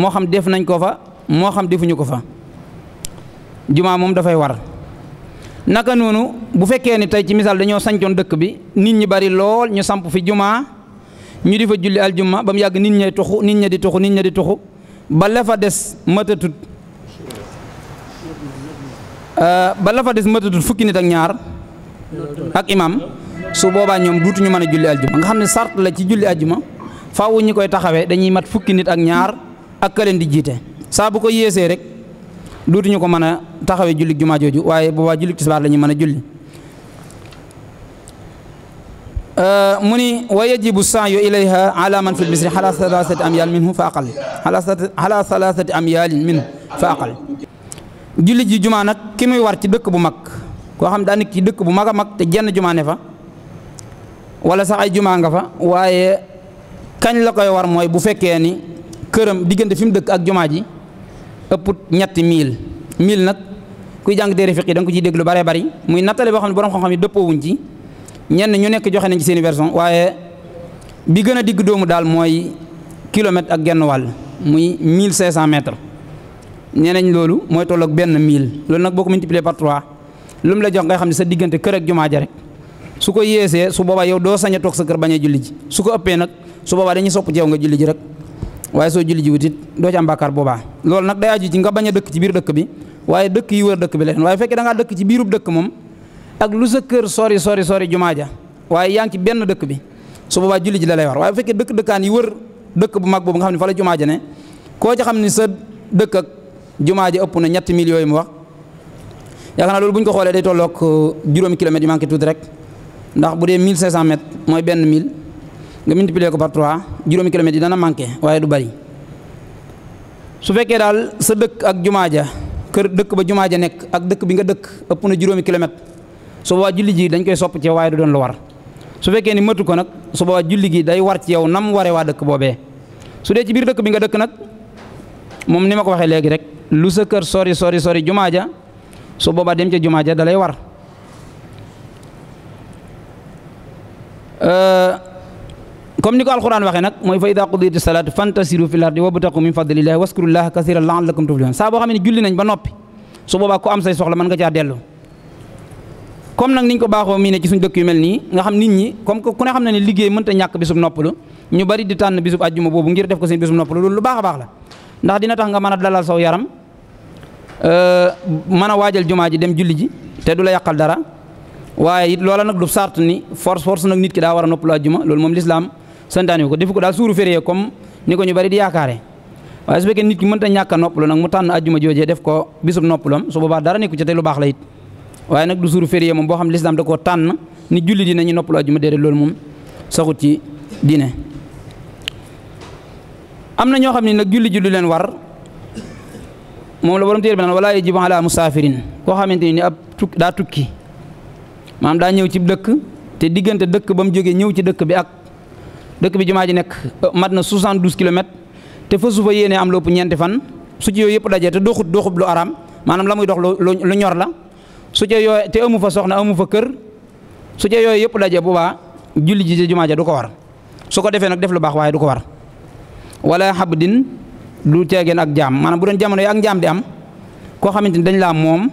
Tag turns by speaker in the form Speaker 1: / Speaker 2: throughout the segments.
Speaker 1: moo xam def nañ ko fa moo xam defuñu ko fa jumaa moom dafay war naka noonu bu fekkee ni tey ci misaal dañoo sancoon dëkk bi nit ñi bari lool ñu samp fi jumaa ñu di fa julli aljuma ba mu yàgg nit ñay tuxu nit ña di tuxu nit ña di tuxu ba la des matatut euh, ba la des matatut fukki nit ak ñaar ak imam su boobaa ñoom duutuñu mën a julli aljuma nga xam ne sart la ci julli aljuma faaw ñu koy taxawee dañuy mat fukki nit ak ñaar ak ka di jiite saa bu ko yéesee rek dootuñu ko mën a taxawee jullit jumaa jooju waaye boobaa jullit tisbaar la mën a julli euh, mu ni wa yajibu saayu ilayha ala man fi lmisri ala salaasati amyaal minhu fa aqal ala ji jumaa nag ki muy war ci dëkk bu mag koo xam daa nekk ci dëkk bu mag a mag te jenn jumaa ne fa wala sax ay jumaa nga fa waaye kañ la koy war mooy bu fekkee ni këram digënde fi dëkk ak jumaaji ji ëpput ñetti mille mille nag kuy jàng téere fiq yi ko ci dégg lu bari bari muy natalé bo xamni borom xam-xam yi dëppoo wuñ ci ñen ñu nekk joxé nañ ci seen version wayé bi gëna digg doomu dal moy kilomètre ak genn wal muy 1500 mètres ñenañ lolu moy tolok ben benn lolu nak boko multiplier par 3 lum la jox ngay xamni sa diggante kër ak jumaaji rek suko yéssé su boobaa yow do sañ tok sa kër baña julli ji suko uppé nak su boobaa dañuy sopp ci nga julli ji rek waye so julli jiwut do ci am bakkar boba loolu nak day aju ci nga baña dekk ci biir dekk bi waye dekk yi wër dekk bi leen waye fekk da nga dekk ci biirub dekk mom ak lu sa keur sori sori sori jumaaja waye waaye ci benn dekk bi su boba julli ji dalay war waye fekk dekk dëkkaan yi wër dekk bu mag bobu nga xamni ne fa la jumaaja ne ko ci xamni sa dekk ak jumaaja ja ëpp na ñatt mil yoy mu wax yaakaar naa loolu buñ ko xoolee day tolok uh, juróomi kilomètre yu manki tuuti rek ndax bu dee 1500 mètres mooy benn mille nga multiplier ko par 3 juróomi kilomètres dina dana waye du bari su fekke dal sa dekk ak jumaa keur dekk ba jumaa nek ak dekk bi nga dekk epp na juróomi kilomètre su boobaa julli ji dañ koy sop ci waye du don war su fekke ni matu ko nak su boobaa julli gi day war ci yow nam waré wa dekk bobé su dé ci bir dekk bi nga dekk nak mom nima ko waxé légui rek lu sa keur sori sori sori jumaa su boba dem ci dalay da war. comme ni ko alquran waxee nag mooy fa ida qudiyati salaatu fantasiru fil ardi wabtaqu min fadlillahi waskurullaha kasiran laallakum tuflihun saa boo xam ne julli nañ ba noppi su boobaa am say soxla mën nga caa dellu comme nag niñ ko baaxoo mii ne ci suñ dëkk yu mel nii nga xam nit ñi comme que ku ne xam ne ne liggéey mënta ñàkk bisub noppalu ñu bari di tànn bisub àjjuma boobu ngir def ko seen bisub noppalu loolu lu baax a baax la ndax dina tax nga mën a dalal saw yaram euh, mën a waajal jumaa ji dem julli ji te du la yàqal dara waaye it nag du sart ni force force nag ki daa war a noppalu àjjuma loolu moom lislaam santaane ko def ko daal suuru férié comme ni ko ñu bari di yaakaare waaye su fekkee nit ki mënta ñàkk a noppalu nag mu tànn ajjuma joojee def ko bisub noppalam su boobaa dara nekku ci te lu baax la waaye nag du suuru férié moom boo xam ne lislaam koo tànn ni julli dina ñu noppalu ajjuma déedéet loolu moom saxut ci diine am na ñoo xam ne nag julli julli leen war moom la borom téere bi naan wala yajibu ala musaafirin koo xamante ni ab tuk daa tukki maanaam daa ñëw ci dëkk te diggante dëkk ba mu jógee ñëw ci dëkk bi ak dekk bi jumaaji ji euh, matna na 72 km te fa su yene am lopp ñent fan su ci yooyu yëpp dajee te doxut doxub lu aram manam lamuy dox lu ñor la su ci yoy te amu fa soxna amu fa kër su ci yooyu yëpp dajee bu baa julli ji jumaaji du ko war su ko defé nak def lu bax waaye du ko war wala habdin du teegeen ak jam manam bu doon jamono ak jam di am ko xamanteni dañ la mom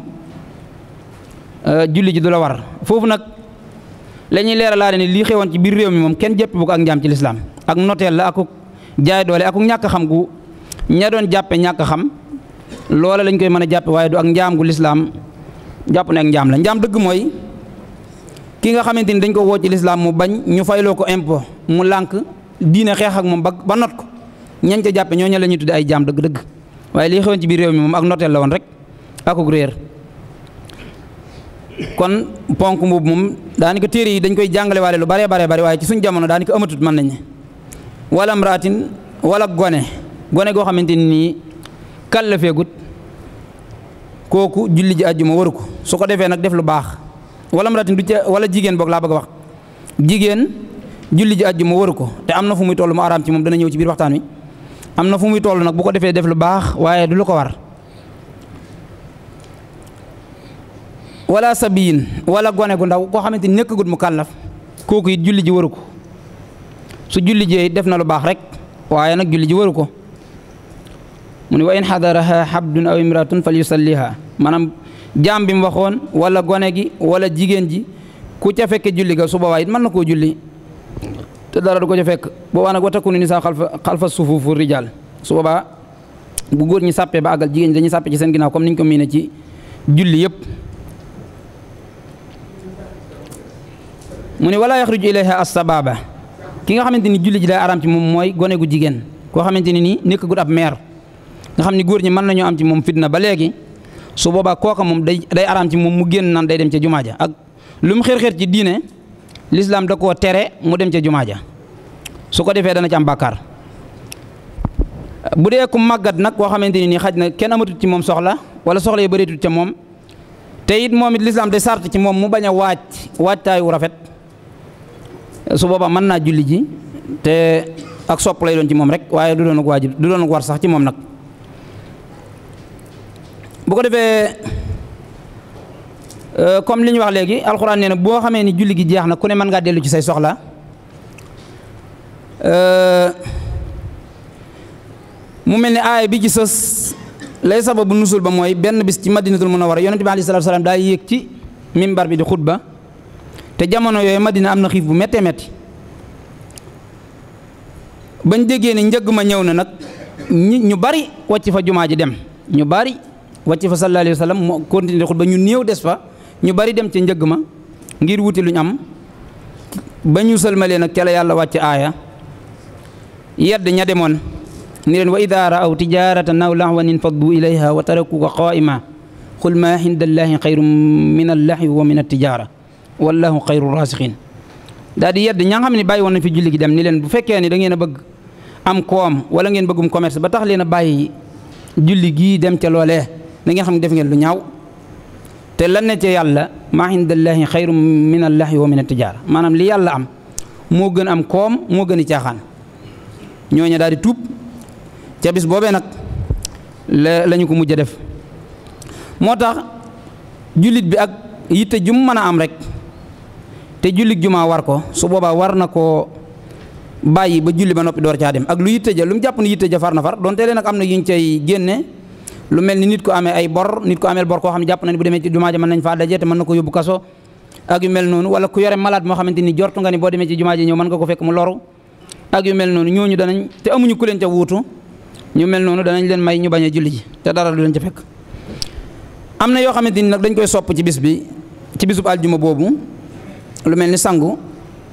Speaker 1: euh julli ji du la war fofu nak la ñuy leeralaale ne lii xewoon ci biir réew mi moom kenn jàppe bu ko ak njaam ci lislaam ak noteel la akuk jaay doole akuk ñàkk xam gu ña doon jàppe ñàkk xam loola lañ koy mën a jàppe waaye du ak njaam gu lislaam jàpp ne ak njaam la njaam dëgg mooy ki nga xamante ni dañ ko woo ci lislaam mu bañ ñu fayloo ko impôt mu lànk diine xeex ak moom ba ba not ko ñañ ca jàppe ñooñu la ñuy tudde ay jaam dëgg-dëgg waaye lii xewoon ci biir réew mi moom ak noteel la woon daanaka téré yi dañ koy jàngale walé lu bare bare bari way ci suñu jamono daanaka amatut man nañ wala mraatin wala goné go xamanteni ni kalafé gut koku julli ji aljuma waru ko su nak nak def lu bax wala mraatin du ci wala jigen bok la bëgg wax jigen julli ji aljuma waru ko te fu muy tollu mu aram ci mom dana ñëw ci biir waxtaan wi amna fu muy tollu nak bu ko défé def lu bax wayé du lu ko war ولا سبين ولا غوني غوندا كو خامتي نيكغوت مكلف كوكو جولي جي وروكو سو جولي جي ديفنا لو باخ ريك وايي نا جولي جي وروكو من وين حضرها حبد او امراه فليصليها مانام جام بيم واخون ولا غوني جي ولا جيجن جي كو تا فك جولي غا سوبا وايت مان نكو جولي تا دارا دوكو تا فك بو وانا واتكون نساء خلف خلف الصفوف الرجال سوبا بو غور ني سابي باغال جيجن داني سابي سي سن غيناو كوم نين كو مينا جي جولي ييب mu ne walaa yaxruju ilayha assabaaba ki nga xamante ni julli ji daa araam ci moom mooy gone gu jigéen koo xamante ne nii nekkagul ab meer nga xam ni góor ñi mën nañoo am ci moom fitna ba léegi su boobaa kooka moom day day araam ci moom mu génn naan day dem ca jumaa ja ak lu mu xër-xër ci diine lislaam da koo tere mu dem ca jumaa ja su ko defee dana ci am bàkkaar bu dee ku màggat nag koo xamante ni nii xaj na kenn amatut ci moom soxla wala soxla yi ca moom te it moom it lislaam sart ci moom mu bañ a waaj waajtaayu rafet su boobaa mën naa julli ji te ak sopp lay doon ci moom rek waaye du doon ak waajib du doon war sax ci moom nag bu ko defee euh, comme li ñu wax léegi alxuraan nee na boo xamee ni julli gi jeex na ku ne mën ngaa dellu ci say soxla euh, mu mel ni aaya bi ci sës lay sababu nusul ba mooy benn bis ci madinatul munawwara yonent bi alayhi salaatu wa salaam daa yéeg ci mimbar bi di ba te jamono yooyu Madina am na xiif bu méttee métti bañ déggee ne njëgg ma ñëw na nag ñu bari wàcc fa jumaa ji dem ñu bari wàcc fa sallallahu alayhi wa moo mu continué xutba ñu néew des fa ñu bari dem ci njëgg ma ngir wuti luñ am ba ñu sëlmalee nag ca la yàlla wàcc aaya yedd ña demoon ni leen wa idaa raaw tijaratan aw lahwan infaddu ilayha wa tarakuka qaa'ima qul ma inda allahi xayrun min allahi wa min attijaara wallahu xayru rasiqin daal di yedd ña xamni bayyi won na fi julli gi dem ni len bu fekke ni da ngeen a bëgg am koom wala ngeen bëggum commerce ba tax leena bayyi julli gi dem ci lolé da ngeen xam def ngeen lu ñaaw te lan ne ci yalla ma indallahi xayru min allahi wa min atijaara manam li yalla am mo gën am koom mo gën ci xaan ñoña dadi tup ci bis bobé nak la lañu ko mujjé def motax julit bi ak yitte jum mëna am rek te julit juma war ko su boba war nako bayyi ba julli ba nopi door ci adem ak lu yitte ja lu ni yitte ja far na far don leen nag am na yuñ cay lu melni ni nit ko amé ay bor nit ko amel bor ko xam japp nañ ni bu demee ci juma ja man nañ faa dajé te man nako ko kasso ak yu mel non wala ku yoré malade mo xamanteni jortu nga ni bo demee ci juma ja ñew man nga ko fekk mu loru ak yu mel non ñoñu danañ te amuñu ku len ca wuutu ñu mel noonu danañ len may ñu baña julli ji te dara lu len ca fekk amna yo xamanteni nak dañ koy sopp ci bis bi ci bisub aljuma bobu lu melni ni sangu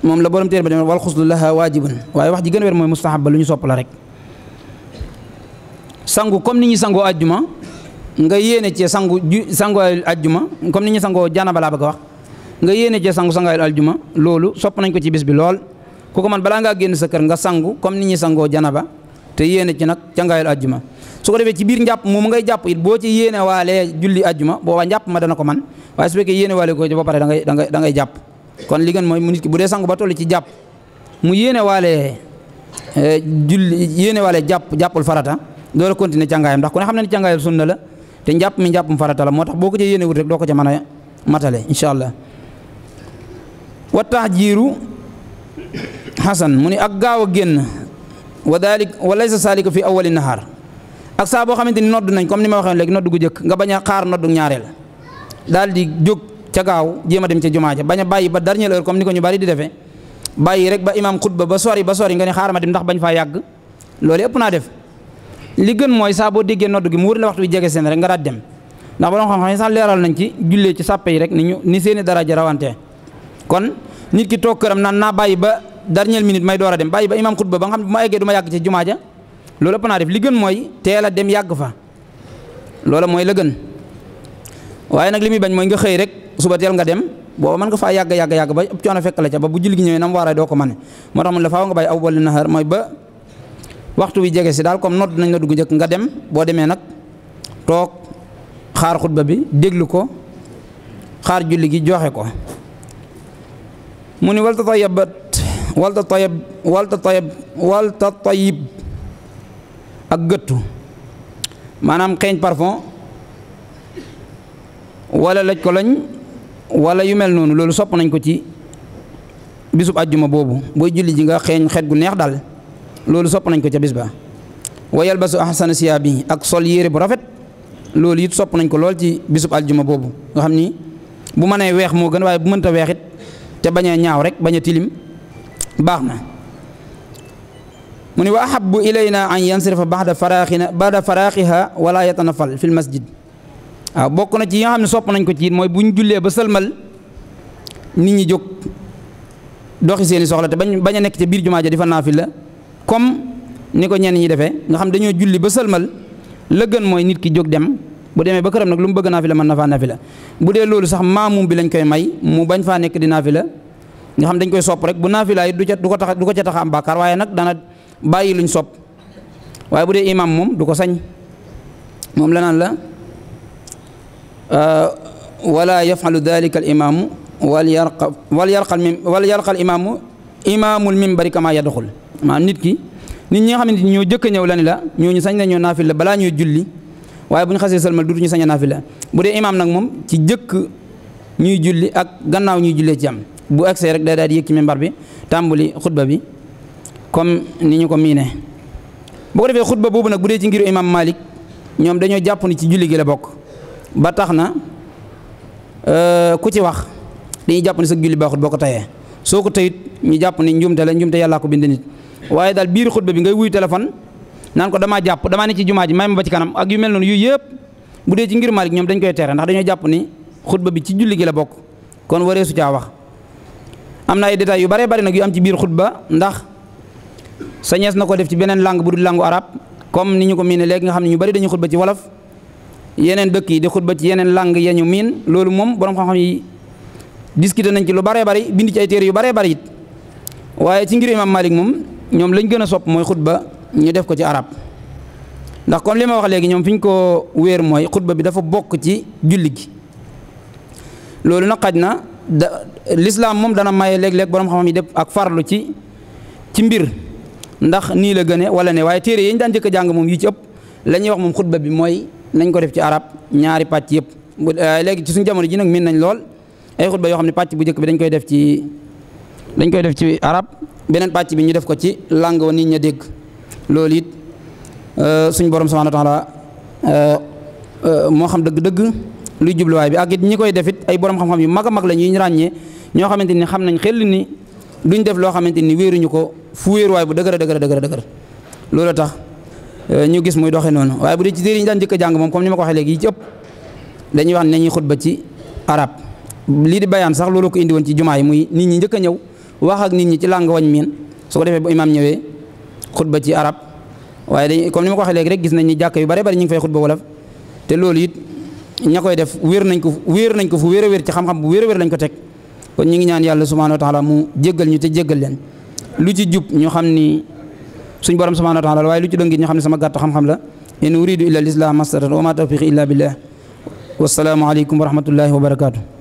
Speaker 1: mom la borom téere wal xuslu laha wajibun way wax di gën moy mustahab lu ñu sopp la rek sangu comme ni ñi sangu aljuma nga yene ci sangu sangu aljuma comme ni ñi sangu janaba la bëgg wax nga yene ci sangu sangu aljuma lolu sopp nañ ko ci bis bi lool ku ko man bala nga genn sa kër nga sangu comme ni ñi sangu janaba te yene ci nag cangaayul aljuma su ko defé ci bir ñap mom ngay japp it bo ci yene walé julli bo booba ñap ma dana ko man way su fekkee yene walé ko ci ba paré da ngay da ngay da kon li mooy mu nit ki bu dee sangu ba toll ci jàpp mu yéene waale eh, julli yéene waale jàpp jàppul farata loolu continuer càngaayam ndax ku ne xam na ni càngaayam sunna la te njàpp mi njàppum farata la moo tax boo ko ca yéene wut rek doo ko ca mën a matale incha allah wa tahjiiru xasan mu ni ak gaaw a génn wa dalik wa laysa salika fi awali nahar ak saa boo xamante ni nodd nañ comme ni ma waxee léegi nodd gu jëkk nga bañ a xaar noddu ñaareel daal di jóg ca gaaw jema dem ca jumaa ja bañ ba dernière heure comme niko ñu bari di defé bayyi rek ba imam khutba ba sori ba sori nga ni xaarama ma dem ndax bañ fa yag lolé ëpp na def li gën moy sa bo déggé noddu gi mu wër la waxtu bi jege rek nga daat dem ndax borom xam-xam sa léral nañ ci jullé ci sappé rek ni ni seeni ja rawanté kon nit ki tok këram na na bayyi ba dernière minute may doora dem bayyi ba imam khutba ba nga xam bu ma yéggé duma yag ci jumaa ja ëpp na def li gën moy téla dem yag fa lolé moy la gën waye nak limi bañ moy nga xey rek suba nga dem booba mën nga faa yàgg yàgg yàgg ba ab fekk bu julli gi ñëwee nam waara doo ko mën moo tax mu la faaw nga bàyyi aw bali nahar mooy ba waxtu wi jege si daal comme nodd nañ la dugg njëkk nga dem boo demee nag toog xaar xutba bi déglu ko xaar julli gi joxe ko mu ni wal tatayabat wal tatayab wal tatayab wal tatayib ak gëttu maanaam xeeñ parfum wala laj ko wala yu mel noonu loolu sopp nañ ko ci bisub àjjuma boobu booy julli ji nga xeeñ xet gu neex daal loolu sopp nañ ko ca bis ba wa yalbasu ahsana siyaabi ak sol yére bu rafet loolu it sopp nañ ko lool ci bisub àjjuma boobu nga xam ni bu mënee weex moo gën waaye bu mënta weex it te bañ a ñaaw rek bañ a tilim baax na mu ni wa ahabbu ilayna an yansirifa ba'da faraaxina ba'da faraaxiha wala yatanafal fil masjid waaw bokk na ci yi nga xam ne sopp nañ ko ci mooy bu ñu jullee ba sëlmal nit ñi jóg doxi seeni soxla te bañ bañ a nekk ci biir jumaa ja di fa la comme ni ko ñenn ñi defee nga xam dañoo julli ba sëlmal la gën mooy nit ki jóg dem bu demee ba këram nag lu mu bëgg naafila mën na faa la bu dee loolu sax maamum bi lañ koy may mu bañ faa nekk di la nga xam dañ koy sopp rek bu naafila it du ca du ko tax du ko ca tax am bàkkaar waaye nag dana bàyyi luñ sopp waaye bu dee moom du ko sañ moom la la wala yafalu dalika al imaamu wal yarqa wal yarqa wal yarqa al imaamu imaamul mimbari kama yadxul maanaam nit ki nit ñi nga xamante ni ñoo jëkk ñëw lan la ñooñu sañ nañoo naafil la balaa ñuy julli waaye bu ñu xasee sëlmal duutu ñu sañ a naafil la bu dee imaam nag moom ci jëkk ñuy julli ak gannaaw ñuy jullee ci am bu agsee rek day daal di yëg ci bi tàmbali xutba bi comme ni ñu ko miinee. bu ko defee xutba boobu nag bu dee ci ngiru imaam Malik ñoom dañoo jàpp ni ci julli la bokk ba taxna euh ku ci wax dañuy japp ni sa julli baaxut boo ko tayee soo tayit ñu japp ni njumte la njumte yalla ko bind nit waaye daal biir khutba bi ngay wuy téléphone nan ko dama japp dama ni ci jumaaji may ma ba ci kanam ak yu mel non yu yëpp budé ci ngir malik ñom dañ koy téré ndax dañu japp ni khutba bi ci julli gi la bok kon waré su ci wax amna ay détails yu bare bari nak yu am ci biir khutba ndax sañees na ko def ci benen langue budul langue arab comme ni ñu ko miné léegi nga xamni ñu bari dañu khutba ci wolof yeneen dëkk yi di xutba ci yeneen langue ya miin loolu moom borom xam-xam yi discuté nañ ci lu baree bari bind ci ay téere yu baree bari it waaye ci ngir imam Malik moom ñoom lañ gën a sopp mooy xutba ñu def ko ci arab ndax comme li ma wax léegi ñoom fi ñu ko wéer mooy xutba bi dafa bokk ci julli gi loolu nag xaj na da lislaam moom dana maye léeg-léeg borom xam-xam yi def ak farlu ci ci mbir ndax nii la gëne wala ne waaye téere yi daan jëkk jàng moom yi ci ëpp la wax moom xutba bi mooy nañ ko def ci arab ñaari patch eh, yep legi ci suñu jamono ji nak min nañ lol ay khutba yo xamni patch bu njëkk bi dañ koy def ci dañ koy def ci arab benen patch bi ñu def ko ci langue wa nit ñi deg loolu it eh, suñu borom subhanahu wa taala eh, mo xam deug dëgg luy way bi ak it ñi koy defit ay borom xam-xam yu mag mag la ñuy ràññee ñoo xamante xam nañ xel ni duñ def lo xamanteni wëru ñuko fu wëru way bu dëgër a dëgër a lolu tax Euh, ñu gis muy doxee noonu waaye bu dee ci téere daan njëkk a jàng moom comme ni ma ko waxee yi ci ëpp dañuy wax ne xutba ci arab lii di bayaan sax looloo ko indi ci jumaa yi muy nit ñi njëkk a ñëw wax ak nit ñi ci làng wañ miin su ko defee bu imaam ñëwee xutba ci arab waaye dañ comme ni ma ko waxee rek gis nañ ni jàkk yu bare bari ñu ngi fay te loolu it ña koy def wéer nañ ko wéer nañ ko fu wéer a ci xam-xam bu wéer a wéer ko teg kon ñu ngi ñaan yàlla subhanahu wa taala mu jéggal ñu te jéggal leen ci jub ñu xam ni suñ borom subhanahu wa taala waaye lu ci dëngit ñu xam ne sama gàtt xam-xam la in uridu illa l islah mastatan wa ma tawfiqi illa billah wasalaamu aleykum wa rahmatullahi wa barakatuh